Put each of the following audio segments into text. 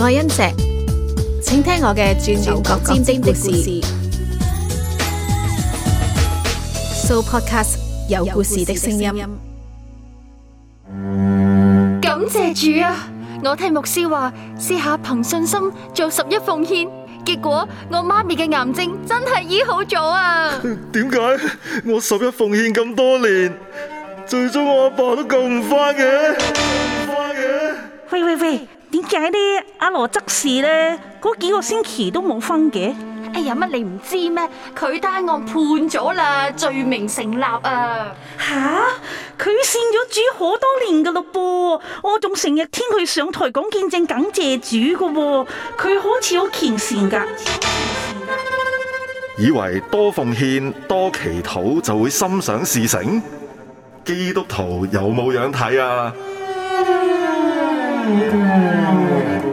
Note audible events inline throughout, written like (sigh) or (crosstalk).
愛恩石，請聽我嘅轉轉角尖尖的故事。So podcast 有故事的聲音。感謝主啊！我聽牧師話，試下憑信心做十一奉獻，結果我媽咪嘅癌症真係醫好咗啊！點解我十一奉獻咁多年，最終我阿爸都救唔翻嘅？救唔翻嘅？喂喂喂！點解呢？阿羅則士呢？嗰幾個星期都冇分嘅。哎呀，乜你唔知咩？佢單案判咗啦，罪名成立啊！吓、啊，佢善咗主好多年噶咯噃，我仲成日聽佢上台講見證感謝主噶、啊，佢好似好虔善噶。以為多奉獻、多祈禱就會心想事成？基督徒有冇樣睇啊？ (music)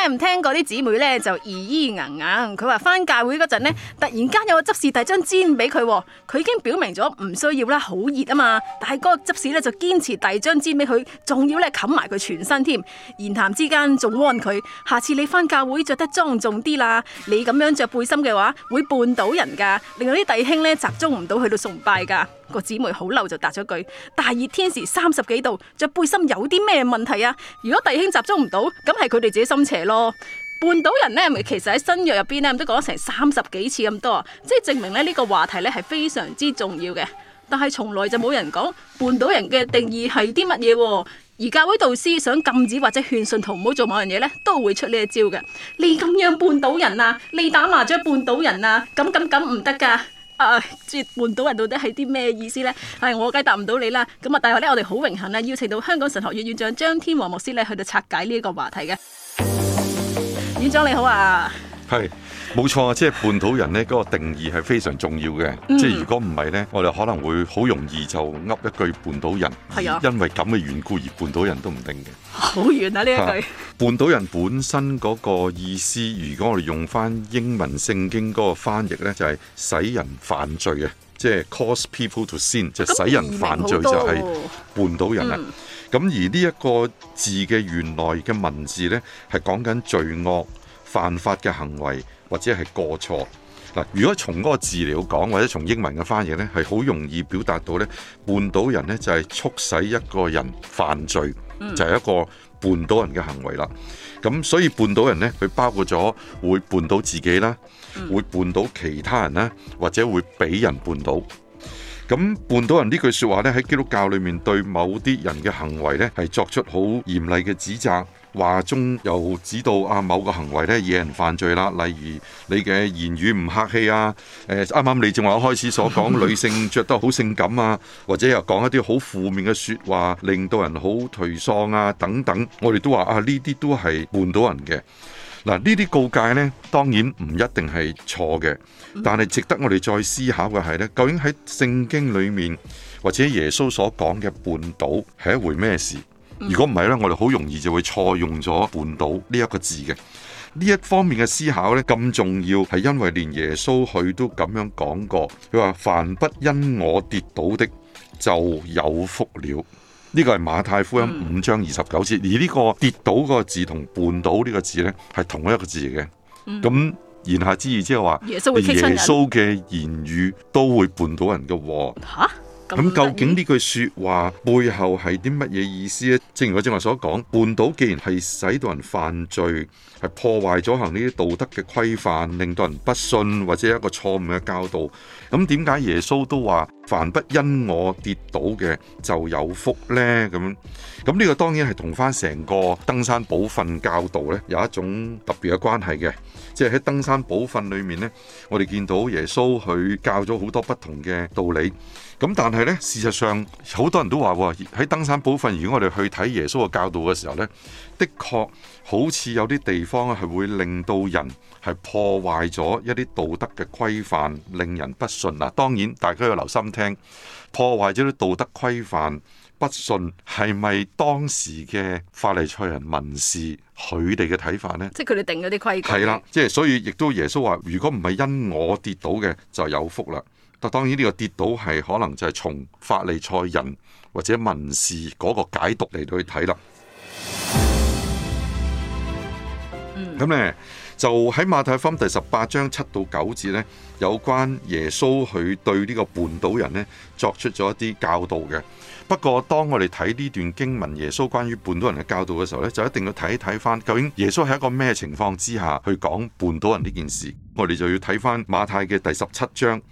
聽唔聽過啲姊妹咧就疑疑硬硬，佢話翻教會嗰陣咧突然間有個執事遞張氈俾佢，佢已經表明咗唔需要啦，好熱啊嘛。但係嗰個執事咧就堅持遞張氈俾佢，仲要咧冚埋佢全身添。言談之間仲安佢，下次你翻教會着得莊重啲啦。你咁樣着背心嘅話會絆倒人噶，令到啲弟兄咧集中唔到去到崇拜噶。個姊妹好嬲就答咗句：大熱天時三十幾度，着背心有啲咩問題啊？如果弟兄集中唔到，咁係佢哋自己心邪。咯，絆倒人咧，咪其實喺新約入邊咧，都講咗成三十幾次咁多，即係證明咧呢個話題咧係非常之重要嘅。但係從來就冇人講絆倒人嘅定義係啲乜嘢。而教會導師想禁止或者勸信徒唔好做某樣嘢咧，都會出呢一招嘅。你咁樣絆倒人啊，你打麻雀絆倒人啊，咁咁咁唔得噶。誒、哎，即絆倒人到底係啲咩意思咧？係、哎、我梗係答唔到你啦。咁啊，但係咧，我哋好榮幸咧邀請到香港神學院院長張天王牧師咧去到拆解呢一個話題嘅。院長你好啊，係冇錯啊，即係絆倒人咧嗰、嗰個定義係非常重要嘅，嗯，即係如果唔係咧，我哋可能會好容易就噏一句絆倒人，係啊，因為咁嘅緣故而絆倒人都唔定嘅，好遠啊呢一句。絆倒人本身嗰個意思，如果我哋用翻英文聖經嗰個翻譯咧，就係、是、使人犯罪嘅，即、就、係、是、cause people to sin，明明就使人犯罪就係絆倒人啊。嗯咁而呢一個字嘅原來嘅文字呢，係講緊罪惡、犯法嘅行為或者係過錯。嗱，如果從嗰個字嚟講，或者從英文嘅翻譯呢，係好容易表達到呢：「絆倒人呢，就係促使一個人犯罪，就係、是、一個絆倒人嘅行為啦。咁所以絆倒人呢，佢包括咗會絆倒自己啦，會絆倒其他人啦，或者會俾人絆倒。咁絆倒人呢句說話呢，喺基督教裏面對某啲人嘅行為呢，係作出好嚴厲嘅指責，話中又指到啊某個行為呢惹人犯罪啦，例如你嘅言語唔客氣啊，誒啱啱你正話開始所講女性着得好性感啊，或者又講一啲好負面嘅說話，令到人好頹喪啊等等，我哋都話啊呢啲都係絆倒人嘅。嗱，呢啲告誡咧，當然唔一定係錯嘅，但係值得我哋再思考嘅係咧，究竟喺聖經裡面或者耶穌所講嘅絆倒係一回咩事？如果唔係咧，我哋好容易就會錯用咗絆倒呢一個字嘅。呢一方面嘅思考咧咁重要，係因為連耶穌佢都咁樣講過，佢話：凡不因我跌倒的，就有福了。呢個係馬太福音五章二十九節，而呢個跌倒個字同絆倒呢個字呢係同一個字嘅。咁、嗯、言下之意即係話，耶穌嘅言語都會絆倒人嘅喎、哦。吓、啊、咁究竟呢句說話背後係啲乜嘢意思呢？嗯、正如我正話所講，絆倒既然係使到人犯罪，係破壞咗行呢啲道德嘅規範，令到人不信或者一個錯誤嘅教導，咁點解耶穌都話？凡不因我跌倒嘅就有福咧，咁咁呢個當然係同翻成個登山寶訓教導咧有一種特別嘅關係嘅。即係喺登山寶訓裏面咧，我哋見到耶穌佢教咗好多不同嘅道理。咁但係咧，事實上好多人都話喎，喺登山寶訓，如果我哋去睇耶穌嘅教導嘅時候咧，的確好似有啲地方係會令到人係破壞咗一啲道德嘅規範，令人不信啊。當然大家要留心。破壞咗啲道德規範，不信係咪當時嘅法利賽人、文士佢哋嘅睇法呢？即係佢哋定咗啲規矩係啦，即係所以亦都耶穌話：如果唔係因我跌倒嘅就有福啦。但當然呢個跌倒係可能就係從法利賽人或者文士嗰個解讀嚟到去睇啦。嗯，咁咧就喺馬太福音第十八章七到九節呢。有關耶穌佢對呢個半島人呢，作出咗一啲教導嘅。不過當我哋睇呢段經文耶穌關於半島人嘅教導嘅時候呢，就一定要睇一睇翻究竟耶穌係一個咩情況之下去講半島人呢件事。我哋就要睇翻馬太嘅第十七章，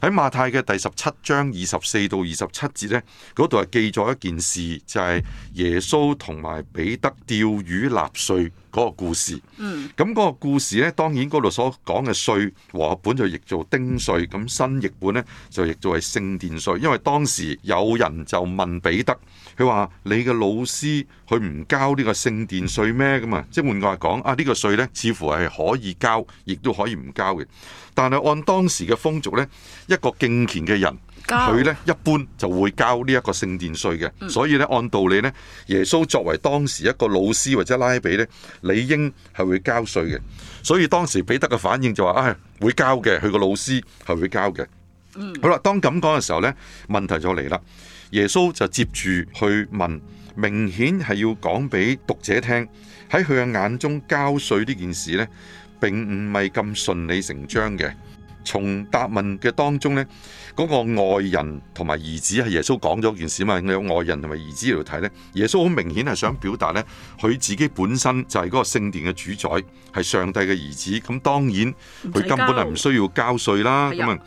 喺馬太嘅第十七章二十四到二十七節呢，嗰度係記咗一件事，就係耶穌同埋彼得釣魚納稅嗰個故事。嗯，咁嗰個故事呢，當然嗰度所講嘅稅和本就亦。做丁稅，咁新譯本咧就亦作為聖殿稅，因為當時有人就問彼得，佢話，你嘅老師佢唔交呢個聖殿稅咩？咁啊，即係換句話講啊，呢個稅咧似乎係可以交，亦都可以唔交嘅。但係按當時嘅風俗咧，一個敬虔嘅人佢咧一般就會交呢一個聖殿稅嘅。所以咧按道理咧，耶穌作為當時一個老師或者拉比咧，理應係會交稅嘅。所以當時彼得嘅反應就話、是：，唉、哎。會交嘅，佢個老師係會交嘅。好啦，當咁講嘅時候呢，問題就嚟啦。耶穌就接住去問，明顯係要講俾讀者聽。喺佢嘅眼中，交稅呢件事呢，並唔係咁順理成章嘅。從答問嘅當中呢，嗰個外人同埋兒子係耶穌講咗件事嘛，有外人同埋兒子嚟睇呢，耶穌好明顯係想表達呢，佢自己本身就係嗰個聖殿嘅主宰，係上帝嘅兒子，咁當然佢根本係唔需要交稅啦。咁啊，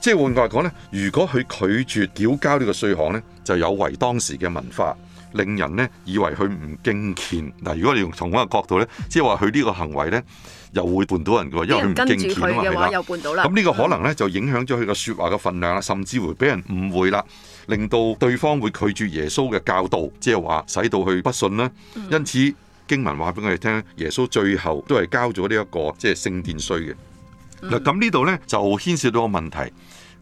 即係換句話講呢，如果佢拒絕繳交呢個稅項呢，就有違當時嘅文化。令人咧以為佢唔敬虔嗱。如果你用從嗰個角度咧，即係話佢呢個行為咧，又會絆倒人㗎，因為佢唔敬虔啊嘛。咁呢個可能咧就影響咗佢嘅説話嘅分量啦，甚至會俾人誤會啦，令到對方會拒絕耶穌嘅教導，即係話使到佢不信啦。因此經文話俾我哋聽，耶穌最後都係交咗呢一個即係聖殿稅嘅嗱。咁呢度咧就牽涉到個問題，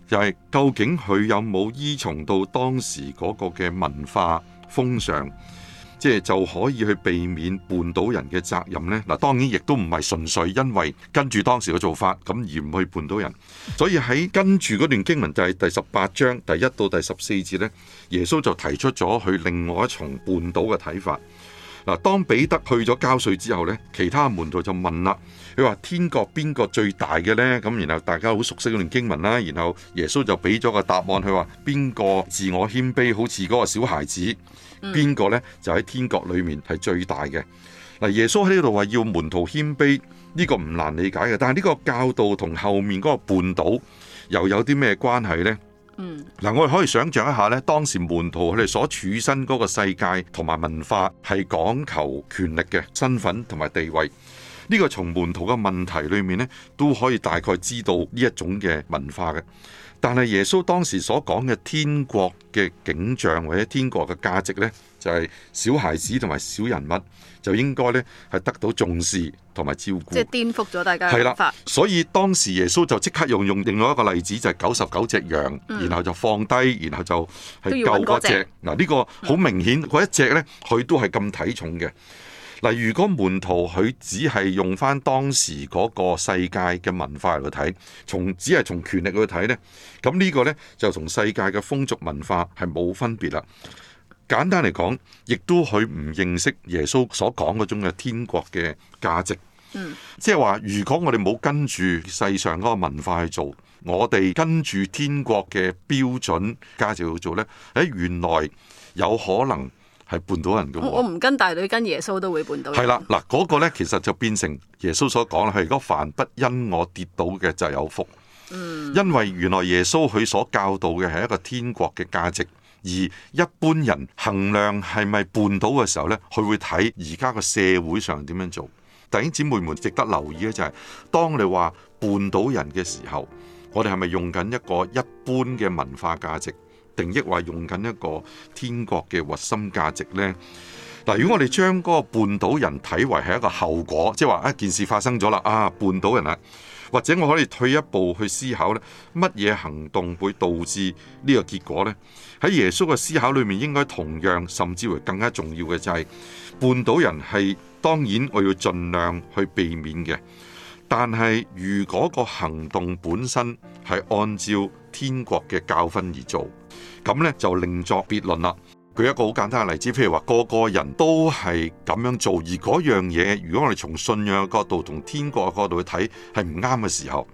就係究竟佢有冇依從到當時嗰個嘅文化？封上，即係就可以去避免絆倒人嘅責任呢。嗱，當然亦都唔係純粹因為跟住當時嘅做法咁而唔去絆倒人。所以喺跟住嗰段經文就係、是、第十八章第一到第十四節呢。耶穌就提出咗佢另外一重絆倒嘅睇法。嗱，當彼得去咗交稅之後咧，其他門徒就問啦，佢話天國邊個最大嘅呢？咁然後大家好熟悉嗰段經文啦，然後耶穌就俾咗個答案，佢話邊個自我謙卑好似嗰個小孩子，邊個呢？就喺天國裡面係最大嘅。嗱、嗯，耶穌喺呢度話要門徒謙卑，呢、這個唔難理解嘅，但係呢個教導同後面嗰個絆倒又有啲咩關係呢？嗱、嗯，我哋可以想像一下咧，當時門徒佢哋所處身嗰個世界同埋文化係講求權力嘅身份同埋地位，呢個從門徒嘅問題裏面咧都可以大概知道呢一種嘅文化嘅。但係耶穌當時所講嘅天國嘅景象或者天國嘅價值咧？就係、是、小孩子同埋小人物就應該咧係得到重視同埋照顧，即係顛覆咗大家嘅諗法。所以當時耶穌就即刻用用另外一個例子，就係九十九隻羊，然後就放低，然後就係救嗰隻、嗯。嗱、嗯、呢個好明顯，嗰一隻咧佢都係咁體重嘅。嗱，如果門徒佢只係用翻當時嗰個世界嘅文化嚟睇，從只係從權力去睇咧，咁呢那這個咧就同世界嘅風俗文化係冇分別啦。簡單嚟講，亦都佢唔認識耶穌所講嗰種嘅天國嘅價值。即係話，如果我哋冇跟住世上嗰個文化去做，我哋跟住天國嘅標準價值去做呢，喺原來有可能係絆到人嘅。我唔跟大女跟耶穌都會絆到人。係啦，嗱、那、嗰個呢，其實就變成耶穌所講係，如果凡不因我跌倒嘅就有福、嗯。因為原來耶穌佢所教導嘅係一個天國嘅價值。而一般人衡量係咪半島嘅時候咧，佢會睇而家個社會上點樣做。弟兄姊妹們值得留意嘅就係、是，當你話半島人嘅時候，我哋係咪用緊一個一般嘅文化價值定，抑或用緊一個天國嘅核心價值咧？嗱，如果我哋將嗰個半島人睇為係一個後果，即係話一件事發生咗啦，啊半島人啊，或者我可以退一步去思考咧，乜嘢行動會導致呢個結果咧？喺耶穌嘅思考裏面，應該同樣甚至乎更加重要嘅就係絆倒人係當然我要盡量去避免嘅。但係如果個行動本身係按照天國嘅教訓而做，咁呢就另作別論啦。舉一個好簡單嘅例子，譬如話個個人都係咁樣做，而嗰樣嘢，如果我哋從信仰嘅角度同天國嘅角度去睇係唔啱嘅時候，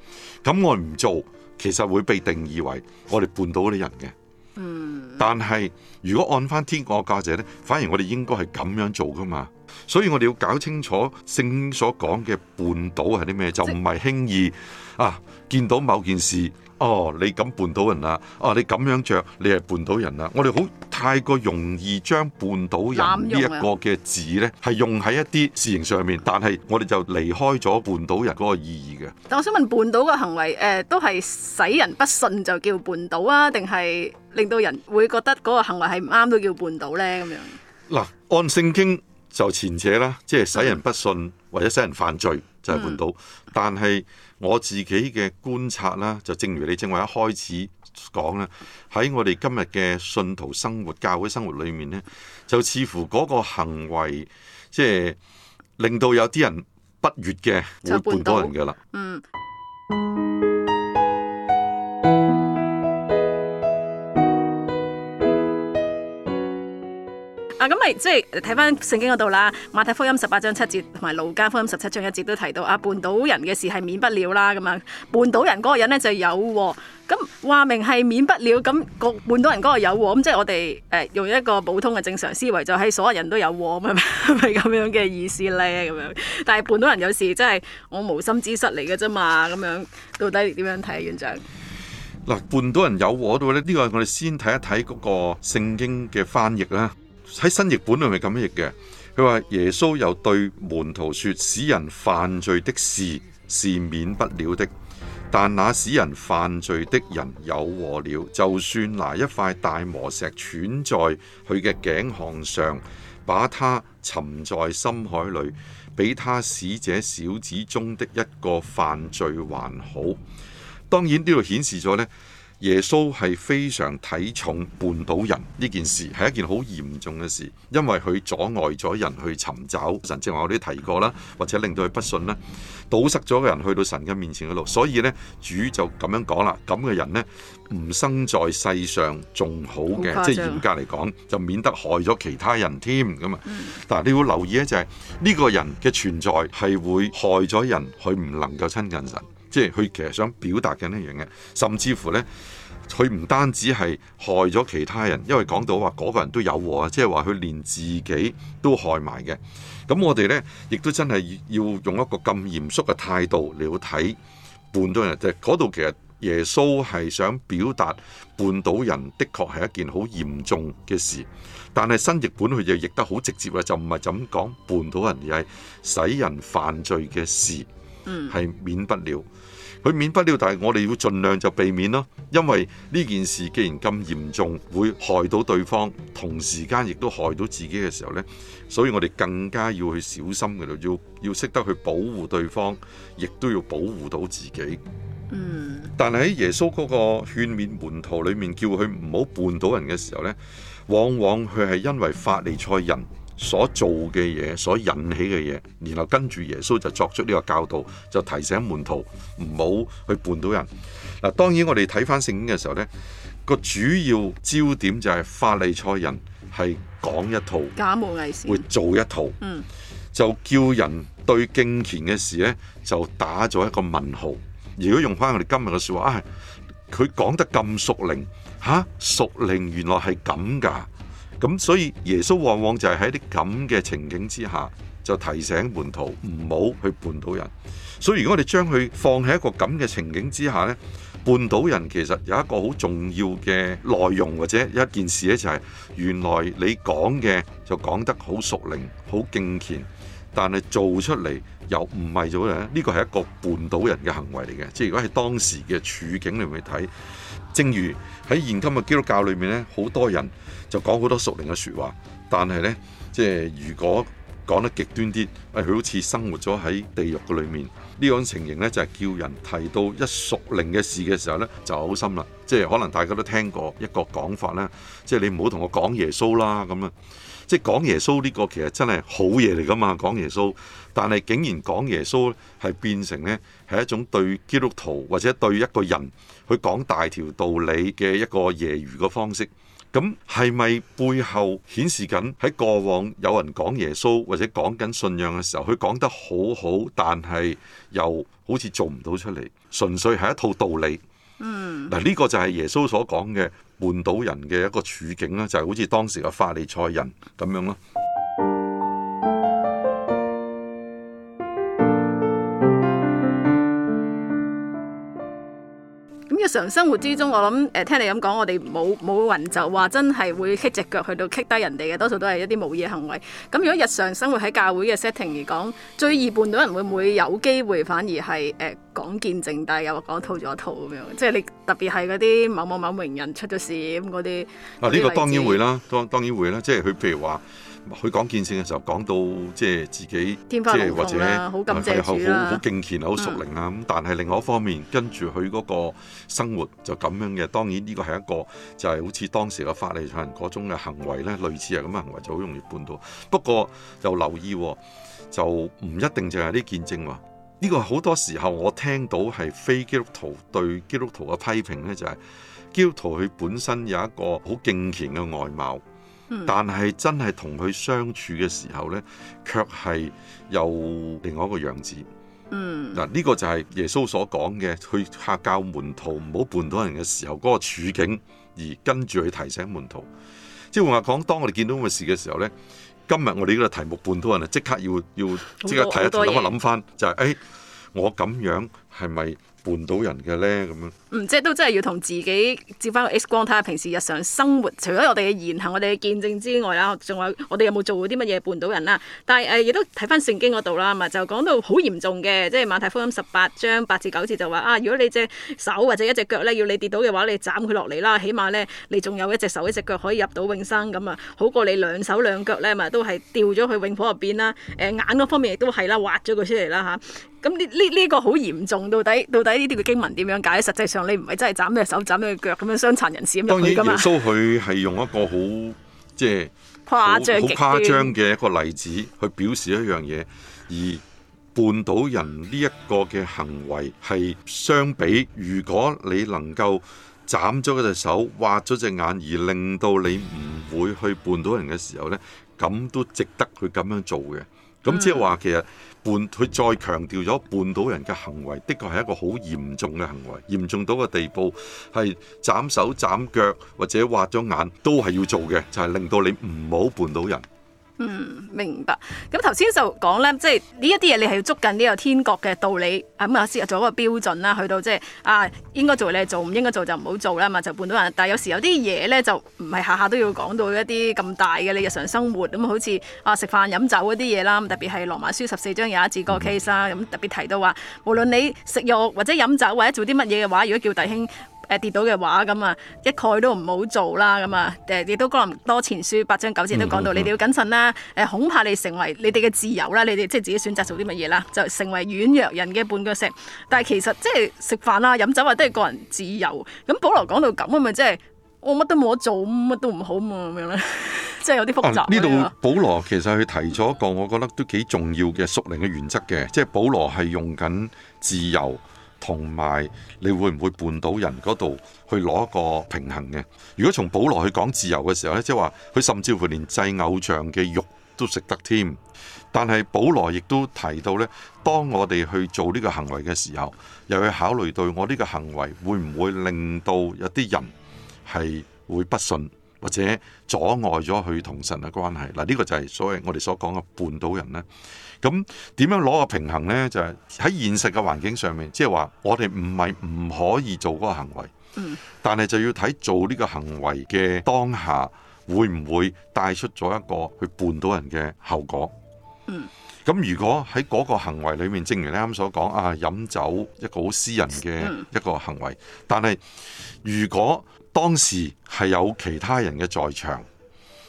咁我唔做，其實會被定義為我哋絆倒啲人嘅。嗯，但係如果按翻天國嘅價值呢，反而我哋應該係咁樣做噶嘛，所以我哋要搞清楚聖所講嘅半島係啲咩，就唔係輕易啊見到某件事。哦，你咁絆倒人啦、啊！哦，你咁樣着，你係絆倒人啦、啊！我哋好太過容易將絆倒人呢一個嘅字呢係用喺一啲事情上面，但係我哋就離開咗絆倒人嗰個意義嘅。但我想問，絆倒嘅行為誒、呃，都係使人不信就叫絆倒啊？定係令到人會覺得嗰個行為係唔啱都叫絆倒呢？咁樣嗱，按聖經就前者啦，即係使人不信、嗯、或者使人犯罪就係絆倒，但係。我自己嘅觀察啦，就正如你正話一開始講啦，喺我哋今日嘅信徒生活、教會生活裏面呢，就似乎嗰個行為，即係令到有啲人不悦嘅、就是，會背叛人嘅啦。嗯咁咪即係睇翻聖經嗰度啦，《馬太福音》十八章七節，同埋《路加福音》十七章一節都提到啊，絆倒人嘅事係免不了啦。咁啊，絆倒人嗰個人咧就有，咁話明係免不了。咁個絆倒人嗰個有，咁即係我哋誒用一個普通嘅正常思維，就係所有人都有，係咪咁樣嘅意思咧？咁樣，但係絆倒人有事，即係我無心之失嚟嘅啫嘛。咁樣到底點樣睇啊，院長？嗱，絆倒人有喎，呢個呢個我哋先睇一睇嗰個聖經嘅翻譯啦。喺新譯本裏面咁譯嘅？佢話耶穌又對門徒說，使人犯罪的事是，是免不了的，但那使人犯罪的人有禍了。就算拿一塊大磨石綴在佢嘅頸項上，把他沉在深海裏，比他使者小子中的一個犯罪還好。當然呢度顯示咗呢。耶穌係非常睇重絆倒人呢件事，係一件好嚴重嘅事，因為佢阻礙咗人去尋找神。正話我都提過啦，或者令到佢不信啦，堵塞咗個人去到神嘅面前嗰度。所以呢，主就咁樣講啦，咁嘅人呢，唔生在世上仲好嘅，即係嚴格嚟講，就免得害咗其他人添咁啊。嗱，你要留意呢，就係呢個人嘅存在係會害咗人，佢唔能夠親近神。即係佢其實想表達緊呢樣嘢，甚至乎呢，佢唔單止係害咗其他人，因為講到話嗰個人都有喎，即係話佢連自己都害埋嘅。咁我哋呢，亦都真係要用一個咁嚴肅嘅態度嚟去睇半倒人。即係嗰度其實耶穌係想表達絆倒人，的確係一件好嚴重嘅事。但係新譯本佢就譯得好直接咧，就唔係咁講絆倒人，而係使人犯罪嘅事，係免不了。嗯佢免不了，但係我哋要盡量就避免咯，因為呢件事既然咁嚴重，會害到對方，同時間亦都害到自己嘅時候咧，所以我哋更加要去小心嘅咯，要要識得去保護對方，亦都要保護到自己。但係喺耶穌嗰個勸勉門徒裏面，叫佢唔好絆倒人嘅時候咧，往往佢係因為法利賽人。所做嘅嘢，所引起嘅嘢，然後跟住耶穌就作出呢個教導，就提醒門徒唔好去絆倒人。嗱，當然我哋睇翻聖經嘅時候，呢個主要焦點就係法利賽人係講一套，假冒偽善，會做一套，嗯，就叫人對敬虔嘅事呢就打咗一個問號。如果用翻我哋今日嘅說話，哎他，啊，佢講得咁屬靈，吓，屬靈原來係咁噶。咁所以耶穌往往就係喺啲咁嘅情景之下，就提醒門徒唔好去絆倒人。所以如果我哋將佢放喺一個咁嘅情景之下呢，絆倒人其實有一個好重要嘅內容或者一件事呢，就係原來你講嘅就講得好熟練、好敬虔，但係做出嚟又唔係做人，呢個係一個絆倒人嘅行為嚟嘅。即係如果喺當時嘅處境你去睇。正如喺現今嘅基督教裏面咧，好多人就講好多屬靈嘅説話，但係呢，即係如果講得極端啲，佢好似生活咗喺地獄嘅裏面呢種情形呢，就係叫人提到一屬靈嘅事嘅時候呢，就好深啦。即係可能大家都聽過一個講法啦，即係你唔好同我講耶穌啦噉樣。即係講耶穌呢個其實真係好嘢嚟㗎嘛，講耶穌，但係竟然講耶穌係變成呢，係一種對基督徒或者對一個人去講大條道理嘅一個揶揄嘅方式，咁係咪背後顯示緊喺過往有人講耶穌或者講緊信仰嘅時候，佢講得好好，但係又好似做唔到出嚟，純粹係一套道理。嗱、嗯、呢、這個就係耶穌所講嘅半島人嘅一個處境啦，就係、是、好似當時嘅法利賽人咁樣咯。咁日常生活之中，我諗誒、呃，聽你咁講，我哋冇冇人就話真係會棘隻腳去到棘低人哋嘅，多數都係一啲冇嘢行為。咁如果日常生活喺教會嘅 setting 嚟講，最易絆到人會唔會有機會反而係誒講見證，但係又講套咗一套咁樣，即係你特別係嗰啲某某某名人出咗事咁嗰啲。啊，呢、這個當然會啦，當當然會啦，即係佢譬如話。佢講見證嘅時候講到即係自己，即係或者係好好敬虔啊，好熟靈啊。咁、嗯、但係另外一方面，跟住佢嗰個生活就咁樣嘅。當然呢個係一個就係、是、好似當時嘅法利賽人嗰種嘅行為咧，類似係咁嘅行為就好容易扮到。不過又留意，就唔一定淨係啲見證。呢、這個好多時候我聽到係非基督徒對基督徒嘅批評咧、就是，就係基督徒佢本身有一個好敬虔嘅外貌。但係真係同佢相處嘅時候呢，卻係又另外一個樣子。嗯，嗱、這、呢個就係耶穌所講嘅，去吓教門徒唔好絆倒人嘅時候嗰、那個處境，而跟住去提醒門徒。即係換話講，當我哋見到咁嘅事嘅時候呢，今日我哋呢個題目絆倒人啊，即刻要要即刻睇一睇。咁諗一諗翻，就係、是、誒、哎，我咁樣係咪？絆倒人嘅咧咁樣，嗯，即係都真係要同自己照翻個 X 光睇下平時日常生活，除咗我哋嘅言行、我哋嘅見證之外啦，仲有我哋有冇做過啲乜嘢絆倒人啦？但係誒，亦、呃、都睇翻聖經嗰度啦，咪就講到好嚴重嘅，即係馬太福音十八章八至九節就話啊，如果你隻手或者一隻腳咧要你跌倒嘅話，你斬佢落嚟啦，起碼咧你仲有一隻手一隻腳可以入到永生，咁啊好過你兩手兩腳咧咪都係掉咗去永火入邊啦。誒眼嗰方面亦都係啦，挖咗佢出嚟啦嚇。咁呢呢呢個好嚴重，到底到底？呢啲嘅經文點樣解？實際上你唔係真係斬咗隻手、斬咗隻腳，咁樣傷殘人士咁樣噶嘛？當然，耶穌佢係用一個好即係誇張嘅誇張嘅一個例子去表示一樣嘢，而絆倒人呢一個嘅行為係相比，如果你能夠斬咗嗰隻手、挖咗隻眼，而令到你唔會去絆倒人嘅時候咧，咁、嗯、都值得佢咁樣做嘅。咁即係話其實。半佢再強調咗，半島人嘅行為，的確係一個好嚴重嘅行為，嚴重到個地步係斬手斬腳或者挖咗眼都係要做嘅，就係、是、令到你唔好半島人。嗯，明白。咁頭先就講呢，即係呢一啲嘢，你係要捉緊呢個天國嘅道理，咁啊先做一個標準啦。去到即係啊，應該做你做，唔應該做就唔好做啦。嘛，就半到人，但係有時有啲嘢呢，就唔係下下都要講到一啲咁大嘅你日常生活咁，嗯、好似啊食飯飲酒嗰啲嘢啦。特別係羅馬書十四章有一字個 case 啦，嗯。咁特別提到話，無論你食肉或者飲酒或者做啲乜嘢嘅話，如果叫弟兄。誒跌倒嘅話，咁啊一概都唔好做啦，咁啊誒亦都哥林多前書八章九節都講到你，你哋要謹慎啦。誒恐怕你成為你哋嘅自由啦、嗯，你哋即係自己選擇做啲乜嘢啦，就成為軟弱人嘅絆腳石。但係其實即係食飯啦、飲酒啊，都係個人自由。咁保羅講到咁，咪即係我乜都冇得做，乜都唔好咁樣咧？即係 (laughs) 有啲複雜。呢、啊、度保羅其實佢提咗一個，我覺得都幾重要嘅屬靈嘅原則嘅，即係保羅係用緊自由，同埋，你會唔會絆倒人嗰度去攞一個平衡嘅？如果從保羅去講自由嘅時候咧，即係話，佢甚至乎連祭偶像嘅肉都食得添。但係保羅亦都提到咧，當我哋去做呢個行為嘅時候，又要考慮到我呢個行為會唔會令到有啲人係會不信或者阻礙咗佢同神嘅關係，嗱，呢個就係所謂我哋所講嘅絆倒人咧。咁點樣攞個平衡呢？就係喺現實嘅環境上面，即係話我哋唔係唔可以做嗰個行為，嗯，但係就要睇做呢個行為嘅當下會唔會帶出咗一個去絆倒人嘅後果，嗯，咁如果喺嗰個行為裏面，正如你啱啱所講啊，飲酒一個好私人嘅一個行為，但係如果當時係有其他人嘅在場，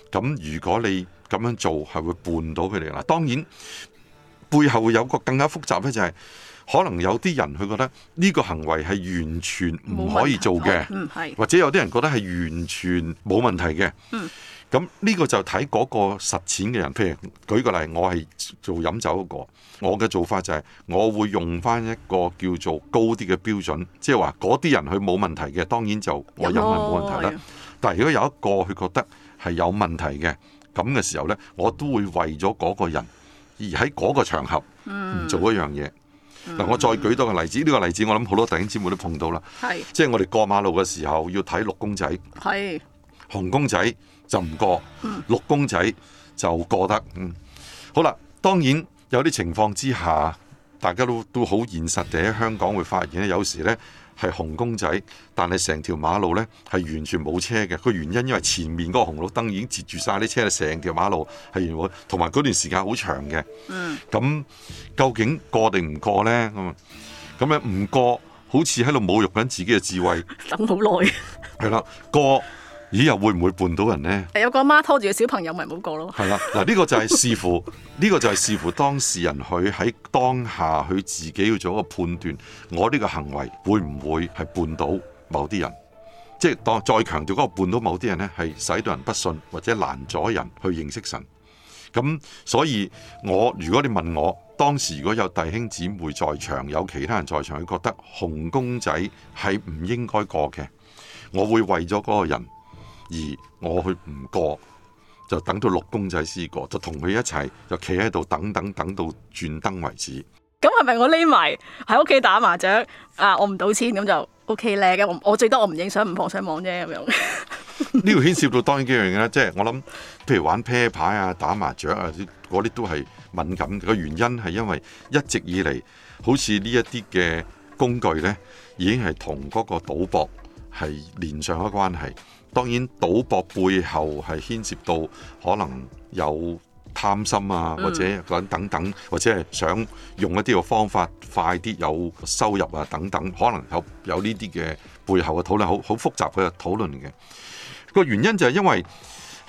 咁如果你咁樣做係會絆倒佢哋啦。當然。背後會有個更加複雜咧，就係可能有啲人佢覺得呢個行為係完全唔可以做嘅，或者有啲人覺得係完全冇問題嘅。嗯，咁呢個就睇嗰個實踐嘅人。譬如舉個例，我係做飲酒嗰個，我嘅做法就係我會用返一個叫做高啲嘅標準，即係話嗰啲人佢冇問題嘅，當然就我飲係冇問題啦。但係如果有一個佢覺得係有問題嘅咁嘅時候呢，我都會為咗嗰個人。而喺嗰個場合，做一樣嘢、嗯。嗱、嗯，我再舉多個例子。呢、呢個例子我諗好多弟兄姊妹都碰到啦。係，即係我哋過馬路嘅時候要睇綠公仔，係紅公仔就唔過，綠、嗯、公仔就過得。嗯，好啦，當然有啲情況之下，大家都都好現實地喺香港會發現咧，有時咧。係紅公仔，但係成條馬路呢係完全冇車嘅。個原因是因為前面嗰個紅綠燈已經截住晒啲車，成條馬路係完滿，同埋嗰段時間好長嘅。嗯，咁究竟過定唔過呢？咁啊，咁樣唔過，好似喺度侮辱緊自己嘅智慧，等好耐。係啦，過。以後會唔會絆倒人呢？有個阿媽拖住個小朋友，咪唔好過咯。係 (laughs) 啦，嗱，呢個就係視乎呢個就係視乎當事人佢喺當下佢自己要做一個判斷。我呢個行為會唔會係絆倒某啲人？即係當再強調嗰個絆倒某啲人呢，係使到人不信或者攔阻人去認識神。咁所以我如果你問我當時如果有弟兄姊妹在場，有其他人在場，佢覺得紅公仔係唔應該過嘅，我會為咗嗰個人。而我去唔過，就等到六公仔試過，就同佢一齊就企喺度等等等，等到轉燈為止。咁係咪我匿埋喺屋企打麻雀啊？我唔賭錢咁就 OK 叻嘅。我最多我唔影相，唔放上網啫咁樣。呢 (laughs) 條牽涉到當然一樣嘢啦，即係我諗，譬如玩啤牌啊、打麻雀啊，嗰啲都係敏感嘅原因，係因為一直以嚟，好似呢一啲嘅工具呢，已經係同嗰個賭博係連上一個關係。當然，賭博背後係牽涉到可能有貪心啊，或者等等，或者係想用一啲嘅方法快啲有收入啊等等，可能有有呢啲嘅背後嘅討論，好好複雜嘅討論嘅個原因就係因為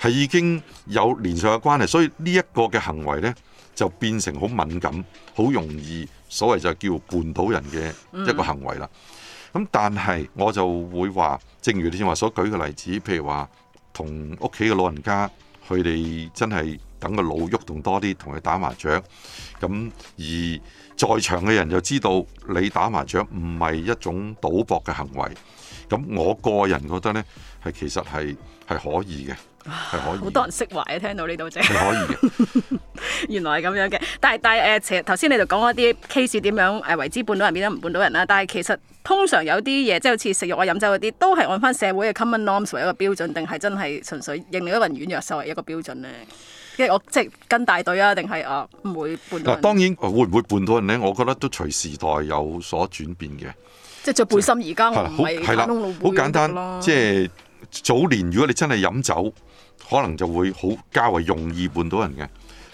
係已經有連鎖嘅關係，所以呢一個嘅行為呢，就變成好敏感、好容易，所謂就叫絆倒人嘅一個行為啦。咁但係我就會話，正如你正話所舉嘅例子，譬如話同屋企嘅老人家，佢哋真係等個腦喐動多啲，同佢打麻雀。咁而在場嘅人就知道你打麻雀唔係一種賭博嘅行為。咁我個人覺得呢係其實係係可以嘅。係可以，好多人釋懷啊！聽到呢度即係可以嘅， (laughs) 原來係咁樣嘅。但係但係誒，呃呃、其實頭先你就講一啲 case 點樣誒為之判到人，變得唔判到人啦？但係其實通常有啲嘢，即係好似食肉啊、飲酒嗰啲，都係按翻社會嘅 common norms 為一個標準，定係真係純粹認你一份人軟弱受為一個標準咧？因為我即係跟大隊啊，定係啊唔會判？嗱，當然會唔會判到人咧？我覺得都隨時代有所轉變嘅。即係着背心，而、就、家、是、我唔係廣好簡單，那個、即係早年如果你真係飲酒。可能就會好較為容易絆倒人嘅，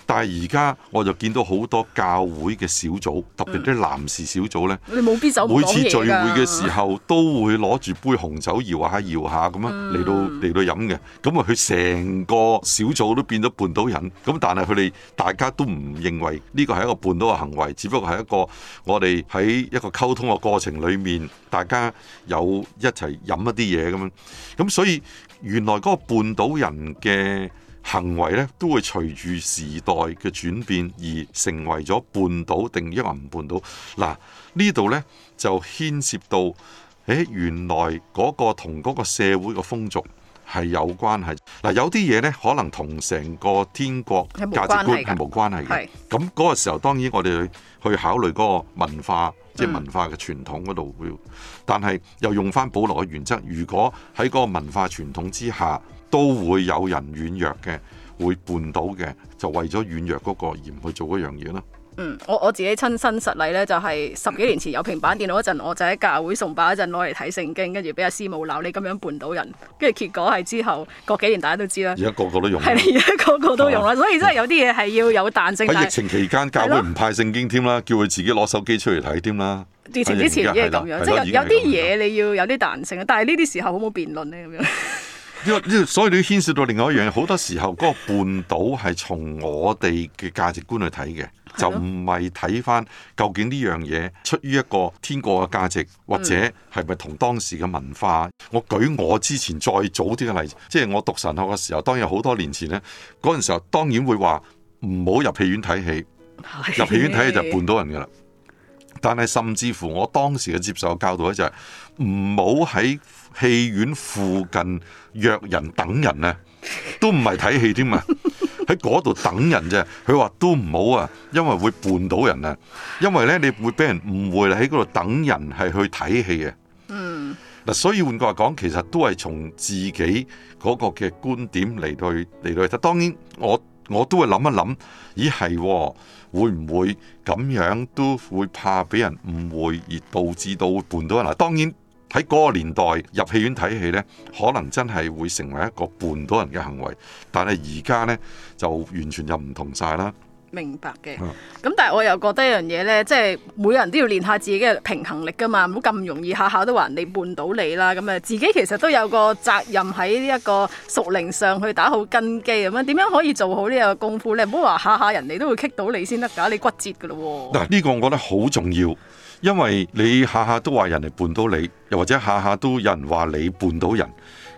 但係而家我就見到好多教會嘅小組，嗯、特別啲男士小組呢。你必的每次聚會嘅時候都會攞住杯紅酒搖下搖下咁樣，嚟到嚟到飲嘅，咁啊佢成個小組都變咗絆倒人，咁但係佢哋大家都唔認為呢個係一個絆倒嘅行為，只不過係一個我哋喺一個溝通嘅過程裡面，大家有一齊飲一啲嘢咁樣，咁所以。原來嗰個半島人嘅行為呢都會隨住時代嘅轉變而成為咗半島定抑或唔半島。嗱，呢度呢，就牽涉到，誒原來嗰個同嗰個社會嘅風俗。係有關係，嗱、啊、有啲嘢呢可能同成個天國價值觀係冇關係嘅。咁嗰個時候，當然我哋去考慮嗰個文化，即、就、係、是、文化嘅傳統嗰度會，但係又用翻保羅嘅原則。如果喺嗰個文化傳統之下，都會有人軟弱嘅，會絆倒嘅，就為咗軟弱嗰個而唔去做嗰樣嘢啦。嗯，我我自己親身實例咧，就係、是、十幾年前有平板電腦嗰陣，我就喺教會崇拜嗰陣攞嚟睇聖經，跟住俾阿師母鬧，你咁樣絆倒人。跟住結果係之後過幾年大家都知啦。而家個個都用，係而家個個都用啦，所以真係有啲嘢係要有彈性。喺疫、疫情期間，教會唔派聖經添啦，叫佢自己攞手機出嚟睇添啦。疫情之前已經係咁樣，即係有啲嘢你要有啲彈性啊。但係呢啲時候好唔好辯論咧？咁樣呢？呢 (laughs) 所以你牽涉到另外一樣嘢，好多時候嗰個絆倒係從我哋嘅價值觀去睇嘅。就唔係睇翻究竟呢樣嘢出於一個天國嘅價值，或者係咪同當時嘅文化。嗯。我舉我之前再早啲嘅例子，即係我讀神學嘅時候，當然好多年前呢，嗰陣時候當然會話唔好入戲院睇戲，入戲院睇戲就半到人噶啦。但係甚至乎我當時嘅接受教導咧，就係唔好喺戲院附近約人等人呢，都唔係睇戲添嘛。 (laughs) 喺嗰度等人啫，佢話都唔好啊，因為會絆倒人啊，因為咧你會俾人誤會啦，喺嗰度等人係去睇戲嘅。嗯，嗱，所以換句話講，其實都係從自己嗰個嘅觀點嚟，去嚟去睇。當然我，我我都會諗一諗，咦，係會唔會咁樣都會怕俾人誤會而導致到會絆倒人啊？當然。喺嗰個年代入戲院睇戲呢，可能真係會成為一個絆倒人嘅行為。但係而家呢就完全又唔同晒啦。明白嘅。咁但係我又覺得一樣嘢呢，即係每人都要練下自己嘅平衡力㗎嘛，唔好咁容易下下都話人哋絆倒你啦。咁啊，自己其實都有個責任喺呢一個熟齡上去打好根基咁樣。點樣可以做好呢個功夫呢？唔好話下下人哋都會棘到你先得㗎，你骨折㗎咯喎。嗱，呢個我覺得好重要。因為你下下都話人哋拌到你，又或者下下都有人話你拌到人，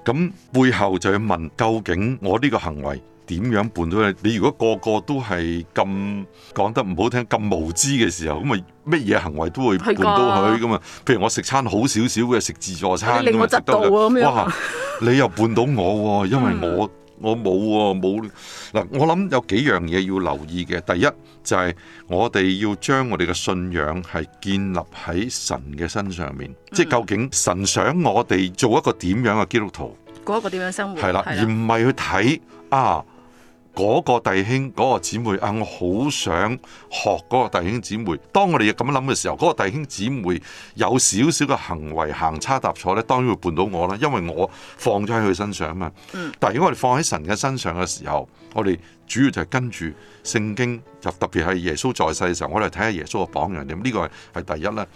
咁背後就要問究竟我呢個行為點樣拌到你？你如果個個都係咁講得唔好聽，咁無知嘅時候，咁咪咩嘢行為都會拌到佢咁啊？譬如我食餐好少少嘅食自助餐，咁我執到啊咁哇，哇！你又拌到我喎，哦，因為我。嗯我冇喎、啊，冇嗱，我諗有幾樣嘢要留意嘅。第一就係、是、我哋要將我哋嘅信仰係建立喺神嘅身上面、嗯，即係究竟神想我哋做一個點樣嘅基督徒，過一個點樣生活，係啦，而唔係去睇啊。嗰個弟兄嗰個姊妹啊，我好想學嗰個弟兄姊妹。當我哋咁諗嘅時候，嗰個弟兄姊妹有少少嘅行為行差踏錯呢，當然會絆倒我啦，因為我放咗喺佢身上啊嘛。但係如果我哋放喺神嘅身上嘅時候，我哋主要就係跟住聖經，就特別係耶穌在世嘅時候，我哋睇下耶穌嘅榜樣點。呢個係第一啦。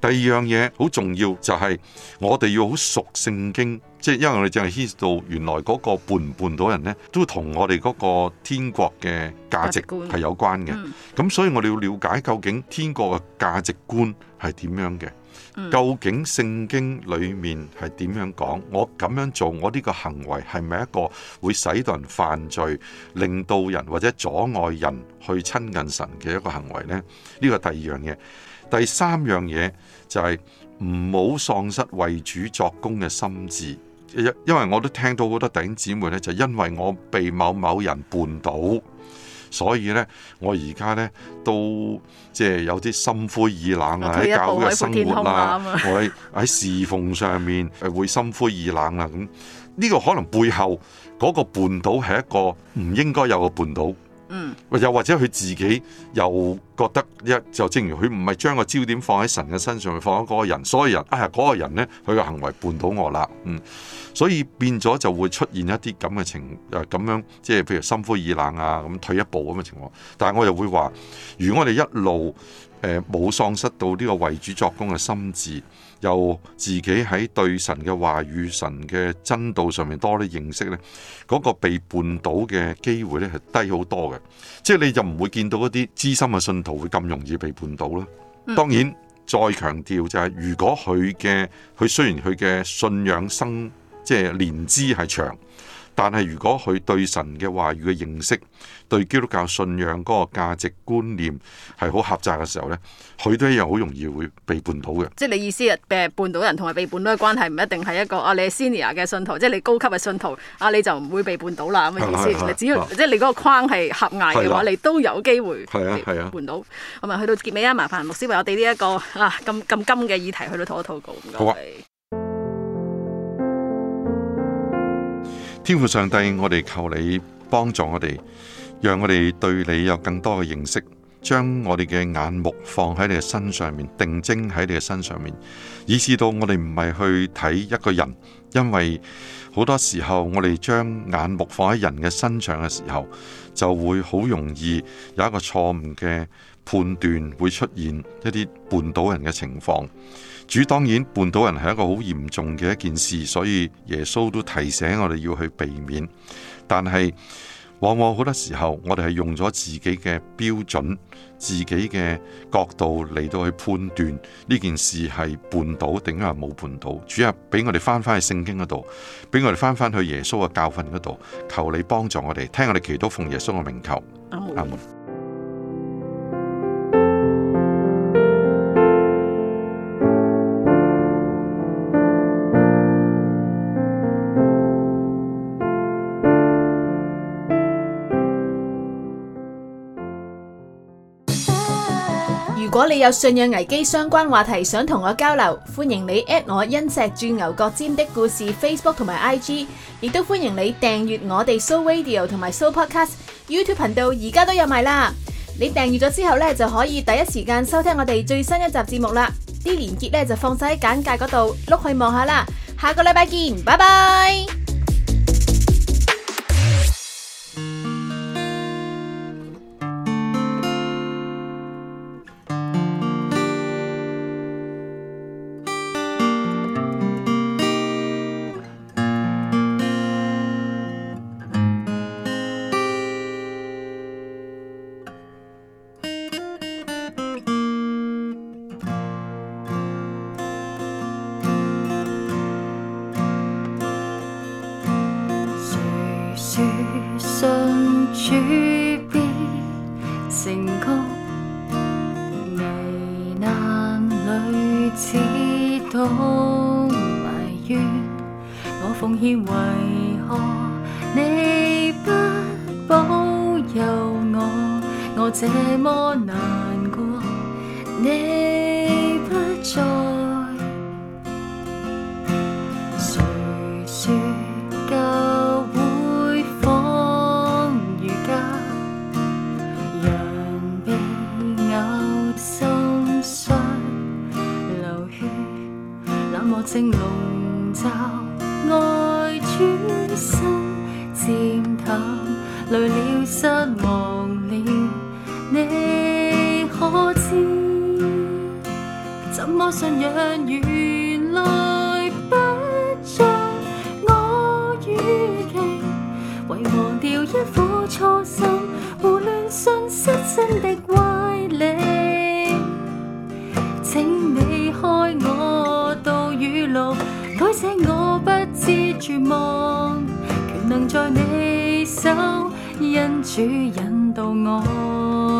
第二樣嘢好重要就係我哋要好熟聖經，即係因為我哋淨係牽涉到原來嗰個判唔判到人呢，都同我哋嗰個天國嘅價值係有關嘅。咁所以我哋要了解究竟天國嘅價值觀係點樣嘅？究竟聖經裡面係點樣講？我咁樣做，我呢個行為係咪一個會使到人犯罪，令到人或者阻礙人去親近神嘅一個行為呢？呢個係第二樣嘢。第三樣嘢就係唔好喪失為主作工嘅心智。因為我都聽到好多弟兄姊妹呢，就是、因為我被某某人絆倒，所以呢，我而家呢都即係有啲心灰意冷啊，喺教會生活啦、啊，我喺侍奉上面誒會心灰意冷啊咁。呢個可能背後嗰、那個絆倒係一個唔應該有嘅絆倒。嗯，又或者佢自己又覺得一就正如佢唔係將個焦點放喺神嘅身上，放喺嗰個人，所以人啊嗰、哎那個人呢，佢嘅行為絆倒我啦，嗯，所以變咗就會出現一啲咁嘅情，誒、呃、咁樣即係譬如心灰意冷啊，咁退一步咁嘅情況。但係我又會話，如果我哋一路。誒，冇喪失到呢個為主作工嘅心智，又自己喺對神嘅話語、神嘅真道上面多啲認識呢，嗰、嗰個被絆倒嘅機會呢係低好多嘅。即係你就唔會見到一啲資深嘅信徒會咁容易被絆倒啦。當然再強調就係、係，如果佢嘅佢雖然佢嘅信仰生即係年資係長，但係如果佢對神嘅話語嘅認識，對基督教信仰嗰個價值觀念係好狹窄嘅時候咧，佢都一樣好容易會被絆倒嘅。即係你意思係，被絆倒人同埋被絆倒嘅關係唔一定係一個啊，你係 senior 嘅信徒，即係你高級嘅信徒，啊你就唔會被絆倒啦咁嘅意思。啊啊啊、你只要、啊、即係你嗰個框係狹隘嘅話、啊，你都有機會係啊係啊絆倒。咁埋去到結尾啊，麻煩牧師為我哋呢一個啊咁咁金嘅議題去到禱一禱告咁解、啊。天父上帝，我哋求你幫助我哋。讓我哋對你有更多嘅認識，將我哋嘅眼目放喺你嘅身上面，定睛喺你嘅身上面，以至到我哋唔係去睇一個人，因為好多時候我哋將眼目放喺人嘅身上嘅時候，就會好容易有一個錯誤嘅判斷會出現一啲絆倒人嘅情況。主，當然絆倒人係一個好嚴重嘅一件事，所以耶穌都提醒我哋要去避免，但係。往往好多時候，我哋係用咗自己嘅標準、自己嘅角度嚟到去判斷呢件事係絆倒定係冇絆倒。主啊，俾我哋翻翻去聖經嗰度，俾我哋翻翻去耶穌嘅教訓嗰度，求你幫助我哋，聽我哋祈禱奉耶穌嘅名求。阿門。你有信仰危機相關話題想同我交流，歡迎你 at 我因石鑽牛角尖的故事 Facebook 同埋 IG，亦都歡迎你訂閱我哋 Show Radio 同埋 Show Podcast YouTube 頻道，而家都有賣啦。你訂閱咗之後咧，就可以第一時間收聽我哋最新一集節目啦。啲連結咧就放晒喺簡介嗰度，碌去望下啦。下個禮拜見，拜拜。訣別成歌，危難裏只懂埋怨。我奉獻為何你不保佑我？我這麼難過，你。忘掉一苦錯心，胡亂信失真的歪理，請你開我道與路，改寫我不知絕望，權能在你手，因主引導我。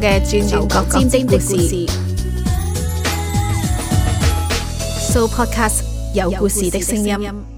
嘅轉轉角尖的故事，So Podcast 有故事的聲音。